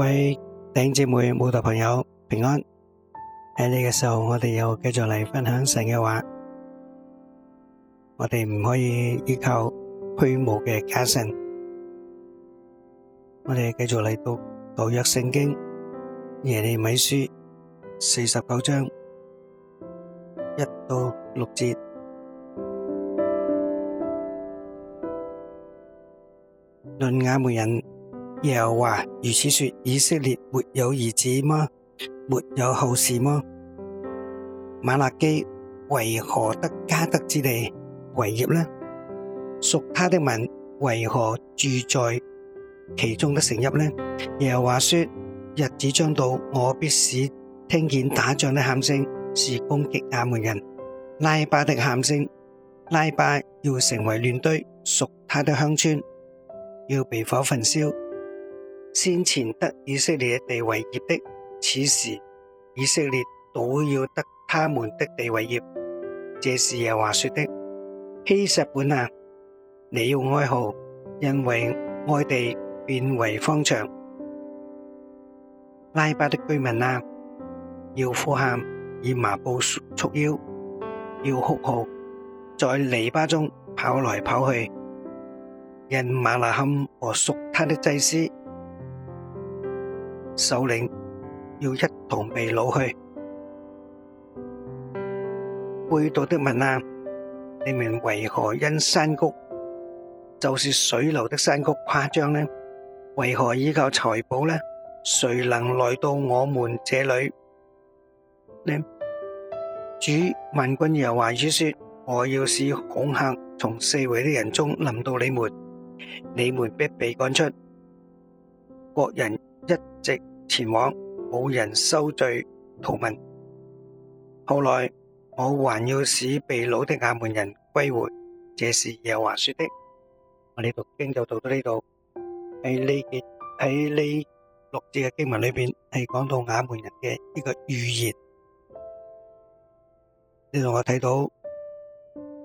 各位弟兄姊妹、信徒朋友平安。喺呢個時候，我哋又繼續嚟分享神嘅話。我哋唔可以依靠虛無嘅假神。我哋繼續嚟讀《道約聖經》耶利米書四十九章一到六節。論亞捫人。耶和華如此說，以色列沒有兒子嗎？沒有後事嗎？瑪勒基為何得加得之地為業呢？屬他的民為何住在其中的城邑呢？耶和華說，日子將到，我必使聽見打仗的喊聲是攻擊亞捫人，拉巴的喊聲，拉巴要成為亂堆，屬他的鄉村要被火焚燒。先前得以色列地為業的，此時以色列倒要得他們的地為業。這是耶和華說的。希實本啊，你要哀號，因為愛地變為荒場。拉巴的居民啊，要呼喊，以麻布束腰，要哭號，在籬笆中跑來跑去，因瑪拿堪和屬他的祭司。首領要一同被擄去。背道的民啊，你們為何因山谷，就是水流的山谷誇張呢？為何依靠財寶呢？誰能來到我們這裏呢？主萬軍之耶和華說：我要使恐吓從四圍的人中臨到你們，你們必被趕出。各人一直。前往冇人收罪逃民。後來我還要使被擄的亞門人歸回，這是耶和華說的。我哋讀經就讀到呢度，喺呢幾，喺呢六節嘅經文裏邊係講到亞門人嘅呢個預言。你同我睇到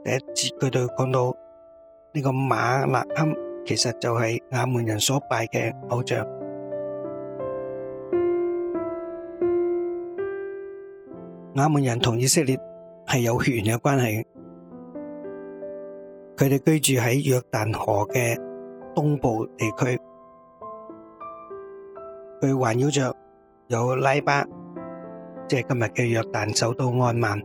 第一節佢對講到呢個馬勒堪，其實就係亞門人所拜嘅偶像。亞捫人同以色列係有血緣嘅關係，佢哋居住喺約旦河嘅東部地區。佢環繞着有拉巴，即係今日嘅約旦首都安曼。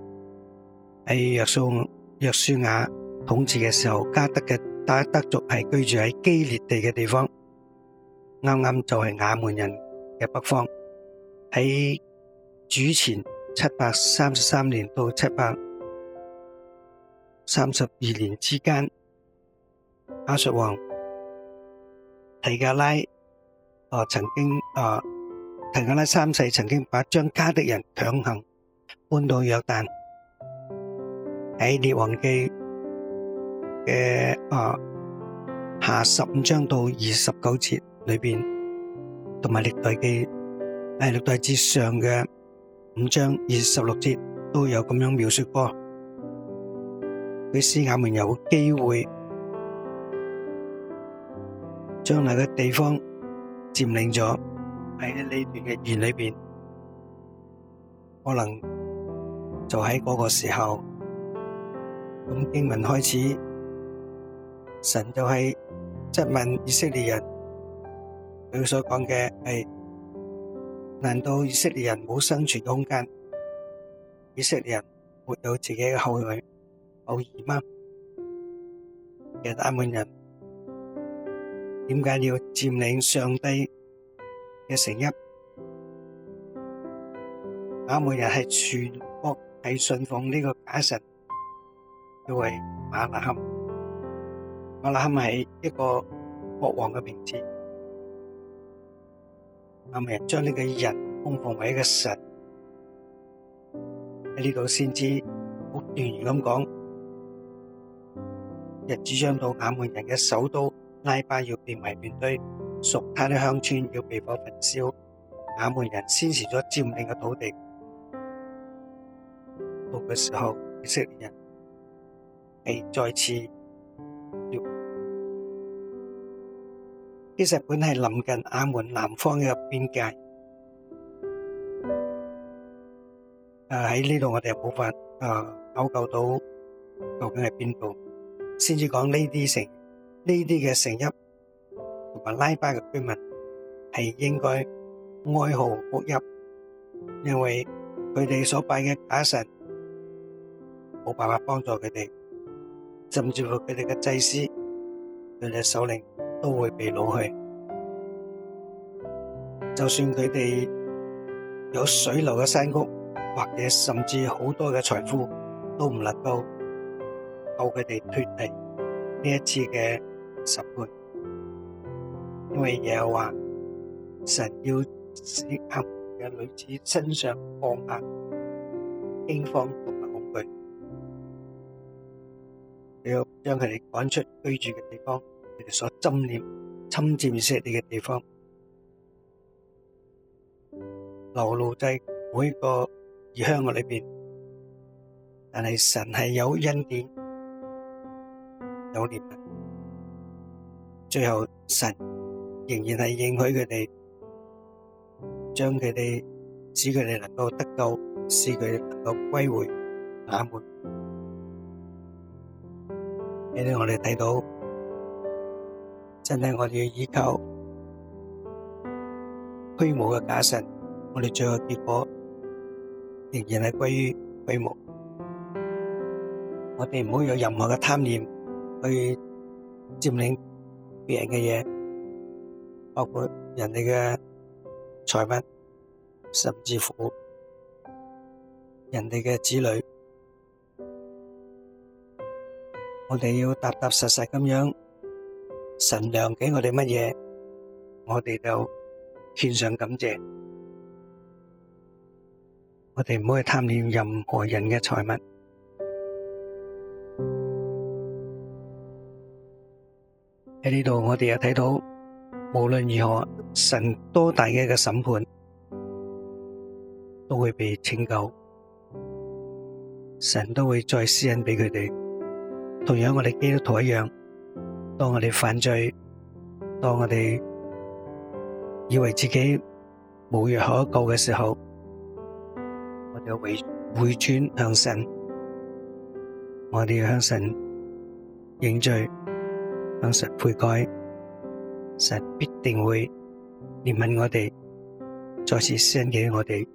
喺約素約書亞統治嘅時候，加德嘅加德族係居住喺基列地嘅地方，啱啱就係亞捫人嘅北方。喺主前七百三十三年到七百三十二年之間，亞述王提加拉啊，曾經啊提加拉三世曾經把張家的人強行搬到約旦。喺《列王記》嘅啊，下十五章到二十九節裏邊，同埋《歷代記》誒歷代記上嘅。五章二十六節都有咁樣描述過，俾斯雅們有機會將嚟嘅地方佔領咗。喺呢段嘅預言裏邊，可能就喺嗰個時候，咁經文開始，神就係質問以色列人，佢所講嘅係。難道以色列人冇生存空間？以色列人冇自己嘅後裔，後倚嗎？亞捫人，點解要占領上帝嘅城邑？亞捫人係全國係信奉呢個假神，叫為馬拉坎。馬拉坎係一個國王嘅名字。亞門人將呢個人供奉為一個神，喺呢度先知好斷然咁講，日子將到亞門人嘅首都拉巴要變為亂堆，屬他的鄉村要被火焚燒，亞門人先前所佔領嘅土地。到嘅時候，以色列人係再次。其實本係臨近亞捫南方嘅邊界，誒喺呢度我哋冇辦法誒考究到究竟係邊度，先至講呢啲城呢啲嘅城邑同埋拉巴嘅居民係應該哀號哭泣，因為佢哋所拜嘅假神冇辦法幫助佢哋，甚至乎佢哋嘅祭司佢哋嘅首領。都會被老去。就算佢哋，有水流嘅山谷，或者甚至好多嘅財富，都唔能夠，夠佢哋脫離呢一次嘅十倍。因為嘢又話，神要使劾嘅女子身上降下驚慌同恐懼。要將佢哋趕出居住嘅地方，所侵略、侵佔、涉地嘅地方，流露在每個異鄉人裏邊。但係神係有恩典、有憐憫，最後神仍然係應許佢哋，將佢哋使佢哋能夠得到，使佢哋能夠歸回亞門。呢啲我哋睇到。真係我哋要依靠虛無嘅假神，我哋最後結果仍然係歸於虛無。我哋唔好有任何嘅貪念去佔領別人嘅嘢，包括人哋嘅財物，甚至乎人哋嘅子女。我哋要踏踏實實咁樣。神良俾我哋乜嘢，我哋就獻上感謝。我哋唔可以貪戀任何人嘅財物。喺呢度，我哋又睇到無論如何，神多大嘅一個審判，都會被拯救。神都會再施恩俾佢哋。同樣，我哋基督徒一樣。當我哋犯罪，當我哋以為自己無藥可救嘅時候，我哋會回轉向神，我哋要向神認罪，向神悔改，神必定會憐憫我哋，再次施恩給我哋，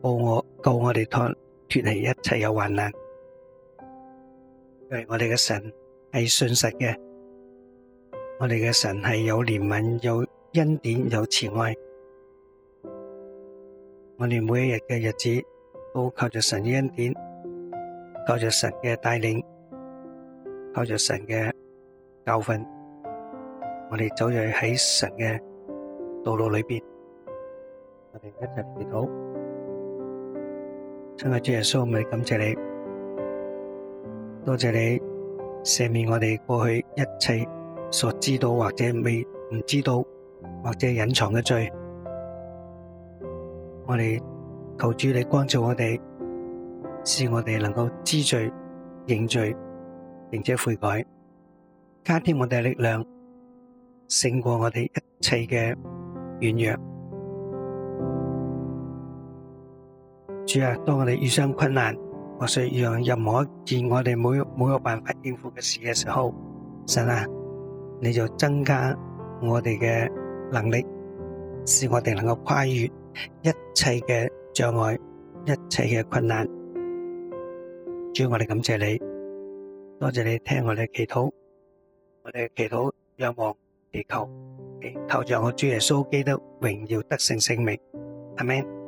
保我，救我哋脱脱離一切嘅患難。因為我哋嘅神係信實嘅。我哋嘅神係有憐憫、有恩典、有慈愛。我哋每一日嘅日子，都靠着神嘅恩典，靠着神嘅帶領，靠着神嘅教訓，我哋走在喺神嘅道路裏邊。我哋一齊祈禱，親愛主耶穌，我哋感謝你，多謝你赦免我哋過去一切。所知道或者未唔知道或者隱藏嘅罪，我哋求主你光照我哋，使我哋能夠知罪、認罪，並且悔改，加添我哋嘅力量，勝過我哋一切嘅軟弱。主啊，當我哋遇上困難，或是遇上任何一件我哋冇冇有辦法應付嘅事嘅時候，神啊！你就增加我哋嘅能力，使我哋能夠跨越一切嘅障礙、一切嘅困難。主，我哋感謝你，多謝你聽我哋祈禱，我哋祈禱、仰望、祈求，讓我主耶穌基督榮耀得勝聖名，阿門。